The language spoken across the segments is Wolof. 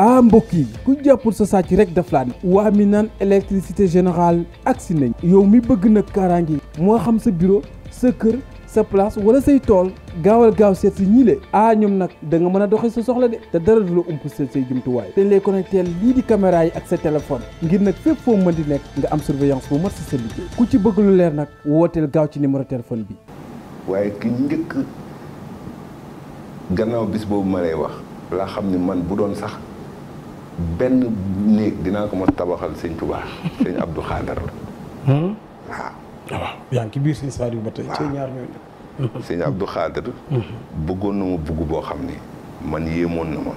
ah mbokk yi ku jàppul sa sàcc rek daf laa ne waa mi naan électricité ak si nañ yow mi bëgg nag kaaraange moo xam sa bureau sa kër sa place wala say tool gaawal gaaw seet si ñii le ah ñoom nag danga mën a doxee sa soxla de te dara du la umpaseel say jumtuwaay te ñu lay connecté lii di caméra yi ak sa téléphone ngir nag fépp foo mën di nekk nga am surveillance bu mat si sa liggéey ku ci bëgg leer nag wooteel gaaw ci numéro téléphone bi. waaye ki njëkk bis boobu ma lay wax laa xam ni man bu doon sax. benn néeg dinaa ko ma tabaxal sëñ Touba sëñ Abdou Khader hmm? waaw. Ah, waaw yaa ngi ci biir sëñ Saliou ba tey. waaw ñaar ñooñu. sëñ Abdou hmm. bëggoon na ma bugg boo xam ni man yéemoon na ma.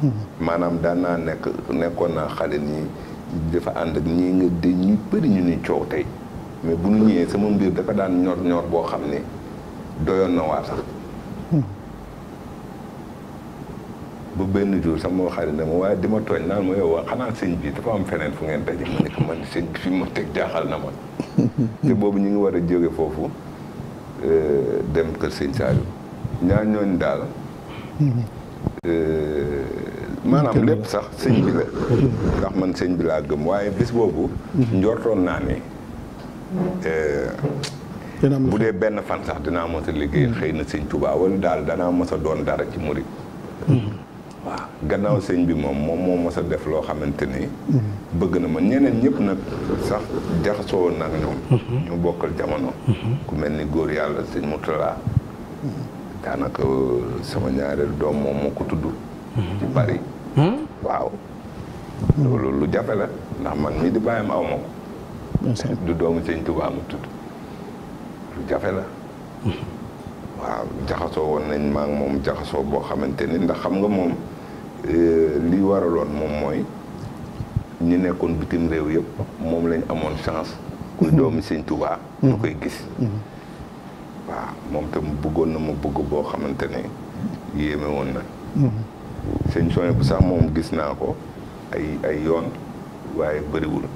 Hmm. maanaam daan naa nekk nekkoon naa xale nii dafa ànd ak ñii nga de ñu bëri ñu ni coow tey mais bu ñu ñëwee sama mbir dafa daan ñor ñor boo xam ne doyoon na waa sax. ba benn jour sax moo xarit ne ma waaye di ma tooñ naan ma yow xanaa sëñ bi dafa am feneen fu ngeen daje ma ne man sëñ bi fi ma teg jaaxal na ma. boobu ñu ngi war a jóge foofu euh, dem kër sëñ Saliou ñaar daal. Mm-hmm. Euh, maanaam lépp sax sëñ bi la. ndax man sëñ bi laa gëm waaye bis boobu. Mm-hmm. njortoon naa ne. Euh, bu dee benn fan sax dinaa mos a liggéey mm-hmm. xëy na sëñ Tuubaa wala daal dana mos a doon dara ci murit. waaw gannaaw sëñ bi moom moom moo mos def loo xamante ni. bëgg na ma ñeneen ñëpp nag sax jaxasoo nag ñoom. Mhm. ñu bokkal jamono. Mhm. ku mel ni góor yàlla sëñ Moutala. Mhm. Euh, sama ñaareel doom moom ko tudd. bari. Hmm? waaw. Hmm. loolu lu jafe la di bàyyam aw ma du doomu sëñ Tuubaa mu tudd lu jafe la. waaw jaxasoo woon nañ maa ngi moom jaxasoo boo xamante ni ndax xam nga moom. Euh, li waraloon moom mooy ñu nekkoon bitim réew yëpp moom lañ amoon chance. kuy mhm. doomi sëñ Tuubaa ñu mhm. koy gis. Mhm. waaw moom tam bëggoon na ma bëgg boo xamante ne yéeme woon na. sëñ Sonia bu sax moom gis naa ko ay ay yoon waaye bëriwul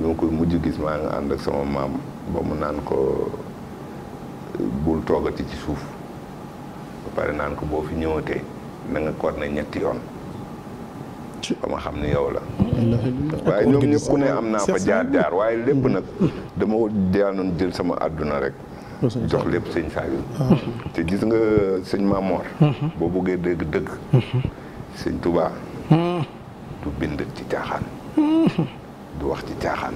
ñu ngi koy mujj gis maa nga ànd ak sama maam ba mu naan ko bul toogati ci suuf ba pare naan ko boo fi ñëwatee na nga ko na ñetti yoon. dama xam ni yow la. waaye ñoom ñëpp ku ne am naa fa jaar jaar waaye lépp nag mm-hmm. dama daanoon jël sama àdduna rek. jox lépp sëñ Saliou. Ah. te gis nga sëñ Mamor. Mm-hmm. boo buggee dëgg dëgg. Mm-hmm. sëñ Touba. du bind ci caaxaan. du wax ci caaxaan.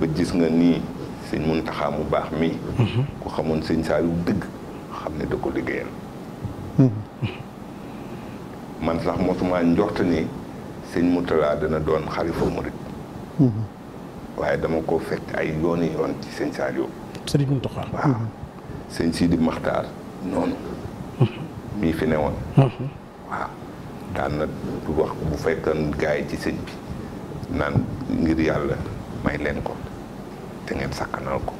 ba gis nga nii sëñ Muntaxa mu baax mi. ku xamoon sëñ Saliou dëgg xam ne da ko liggéeyal. man sax mosuma njort ni sëñ Moutala dana doon xalifa murit mhm. waaye dama ko fekk ay yooni yoon ci sëñ Saliou. sëñ Mountakha waaw sëñ Sidi Makhtar noonu. Mhm. mii fi ne woon. Mhm. waaw daan na wax bu fekkoon gars ci sëñ bi naan ngir yàlla may leen ko te ngeen sakkanal ko.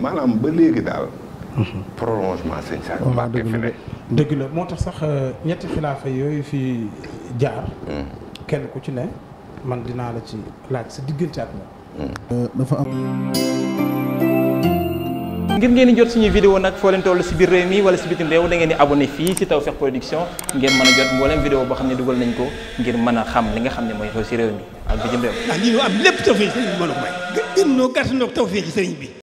maanaam ba léegi daal. prolongement sëñ Saliou Mbacké fi ne. dëgg la moo tax sax euh, ñetti xilaafa yooyu fi jaar. Mm. kenn ku ci ne man dinaa la ci laaj sa diggante ak moom. Euh, dafa am. ngir ngeen di jot suñu vidéo nag foo leen toll si biir réew mi wala si bitim réew da ngeen di abonné fii si Tawfekh Production ngeen mën a jot mboolem vidéo boo xam ne dugal nañ ko ngir mën a xam li nga xam ne mooy xew si réew mi ak bitim réew. ndax lii am lépp Tawfekh sëriñ bi mën a may. gën noo bi.